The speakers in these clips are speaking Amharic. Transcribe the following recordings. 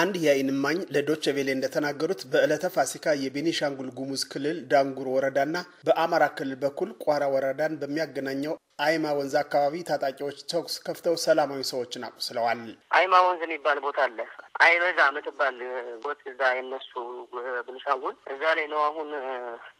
አንድ የአይን እማኝ እንደተናገሩት በዕለተ ፋሲካ የቤኒሻንጉል ጉሙዝ ክልል ዳንጉር ወረዳና በአማራ ክልል በኩል ቋራ ወረዳን በሚያገናኘው አይማ ወንዝ አካባቢ ታጣቂዎች ተኩስ ከፍተው ሰላማዊ ሰዎችን አቁስለዋል። አይማ ወንዝ የሚባል ቦታ አለ። አይበዛ ምትባል ቦት እዛ የነሱ ብንሻውን እዛ ላይ ነው አሁን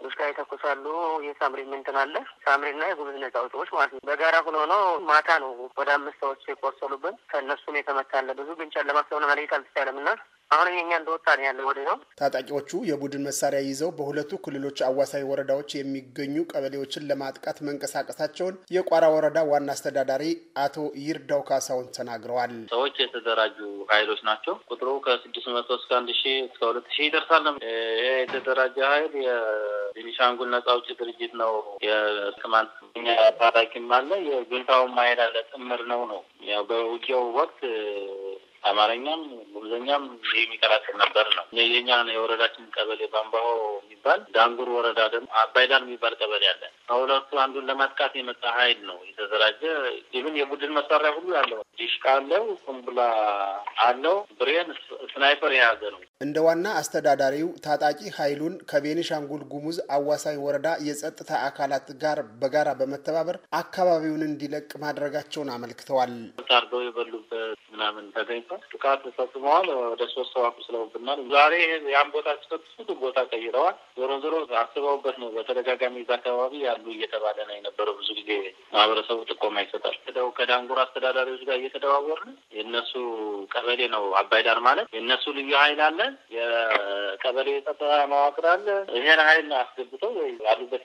ዱሽካ የተኩሳሉ። የሳምሪ ምንትን አለ ሳምሪና የጉብዝ ነጻ አውጪዎች ማለት ነው። በጋራ ሁኖ ነው ማታ ነው ወደ አምስት ሰዎች የቆሰሉብን ከእነሱም የተመታለ ብዙ ግንጨን ለማስለሆነ መለየት አልተቻለም እና አሁን የኛ እንደወጣ ነው ያለ ወደ ነው። ታጣቂዎቹ የቡድን መሳሪያ ይዘው በሁለቱ ክልሎች አዋሳኝ ወረዳዎች የሚገኙ ቀበሌዎችን ለማጥቃት መንቀሳቀሳቸውን የቋራ ወረዳ ዋና አስተዳዳሪ አቶ ይርዳው ካሳውን ተናግረዋል። ሰዎች የተደራጁ ኃይሎች ናቸው። ቁጥሩ ከስድስት መቶ እስከ አንድ ሺ እስከ ሁለት ሺ ይደርሳል። ይህ የተደራጀ ኃይል የቤኒሻንጉል ነጻ አውጪ ድርጅት ነው። የቅማንተኛ ታጣቂም አለ የጁንታውም ኃይል አለ። ጥምር ነው ነው ያው በውጊያው ወቅት አማርኛም ጉብዘኛም የሚቀላቅል ነበር ነው። የኛ የወረዳችን ቀበሌ ባምባሆ የሚባል ዳንጉር ወረዳ ደግሞ አባይዳር የሚባል ቀበሌ አለ። ከሁለቱ አንዱን ለማጥቃት የመጣ ሀይል ነው የተዘራጀ ይህን የቡድን መሳሪያ ሁሉ አለው። ዲሽቃ አለው፣ ቁምብላ አለው፣ ብሬን፣ ስናይፐር የያዘ ነው። እንደ ዋና አስተዳዳሪው ታጣቂ ኃይሉን ከቤኒሻንጉል ጉሙዝ አዋሳኝ ወረዳ የጸጥታ አካላት ጋር በጋራ በመተባበር አካባቢውን እንዲለቅ ማድረጋቸውን አመልክተዋል። ታርገው የበሉበት ምናምን ተገኝቶ ጥቃት ፈጽመዋል። ወደ ሶስት ሰው አቁስለውብናል። ዛሬ ያን ቦታ ሲፈትፉት ቦታ ቀይረዋል። ዞሮ ዞሮ አስበውበት ነው። በተደጋጋሚ እዛ አካባቢ ያሉ እየተባለ ነው የነበረው። ብዙ ጊዜ ማህበረሰቡ ጥቆማ ይሰጣል። ደው ከዳንጉር አስተዳዳሪዎች ጋር እየተደዋወርን የእነሱ ቀበሌ ነው አባይ ዳር ማለት የእነሱ ልዩ ኃይል አለ፣ የቀበሌ የጸጥታ መዋቅር አለ። ይሄን ኃይል አስገብተው ያሉበት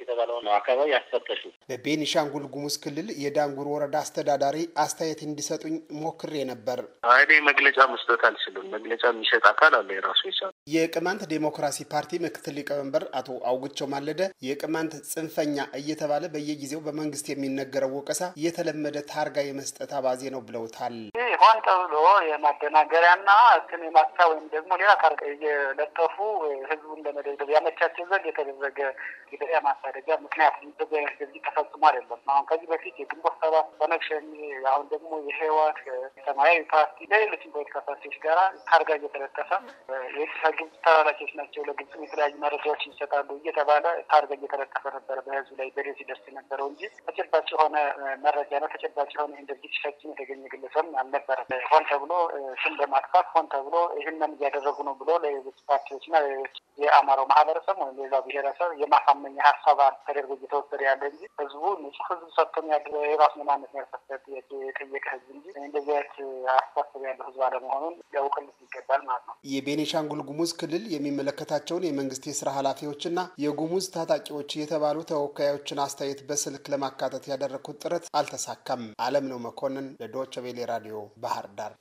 ነው አካባቢ ያስፈተሹ። በቤኒሻንጉል ጉሙዝ ክልል የዳንጉር ወረዳ አስተዳዳሪ አስተያየት እንዲሰጡኝ ሞክሬ ነበር። ነበር። እኔ መግለጫ መስጠት አልችልም። መግለጫ የሚሰጥ አካል አለ የራሱ ይቻ የቅማንት ዴሞክራሲ ፓርቲ ምክትል ሊቀመንበር አቶ አውግቸው ማለደ የቅማንት ጽንፈኛ እየተባለ በየጊዜው በመንግስት የሚነገረው ወቀሳ የተለመደ ታርጋ የመስጠት አባዜ ነው ብለውታል። ሆን ተብሎ የማደናገሪያና ስም የማጥፋ ወይም ደግሞ ሌላ ታርጋ እየለጠፉ ህዝቡን ለመደብደብ ያመቻቸው ዘንድ የተደረገ ጊዜያ ማሳደጃ ምክንያት የሚደረግ አይነት ተፈጽሞ አይደለም። አሁን ከዚህ በፊት የግንቦት ሰባት ኮኔክሽን አሁን ደግሞ የህወሓት ሰማያዊ ፓርቲ ላይ ፖለቲካ ፓርቲዎች ጋራ ታርጋ እየተለጠፈ የኢሳ ግብጽ ተላላኪዎች ናቸው ለግብጽ የተለያዩ መረጃዎች ይሰጣሉ እየተባለ ታርጋ እየተለጠፈ ነበረ በህዝብ ላይ በሬ ሲደርስ ነበረው እንጂ ተጨባጭ የሆነ መረጃ ነው። ተጨባጭ የሆነ ይህን ድርጊት ሲፈጽም የተገኘ ግለሰብ አልነበረ። ሆን ተብሎ ስም በማጥፋት ሆን ተብሎ ይህንን እያደረጉ ነው ብሎ ለሌሎች ፓርቲዎችና ለሌሎች የአማራው ማህበረሰብ ወይም ሌላው ብሔረሰብ የማሳመኛ ሀሳብ ተደርጎ እየተወሰደ ያለ እንጂ ህዝቡ ንጹህ ህዝብ ሰጥቶም ያለ የራሱ ማንነት መርፈት ጥያቄ የጠየቀ ህዝብ እንጂ እንደዚህ አይነት እያሳሰበ ያለው ህዝብ አለመሆኑን ሊያውቅልት ይገባል ማለት ነው። የቤኒሻንጉል ጉሙዝ ክልል የሚመለከታቸውን የመንግስት የስራ ኃላፊዎችና የጉሙዝ ታጣቂዎች የተባሉ ተወካዮችን አስተያየት በስልክ ለማካተት ያደረግኩት ጥረት አልተሳካም። አለም ነው መኮንን ለዶቸቬሌ ራዲዮ ባህር ዳር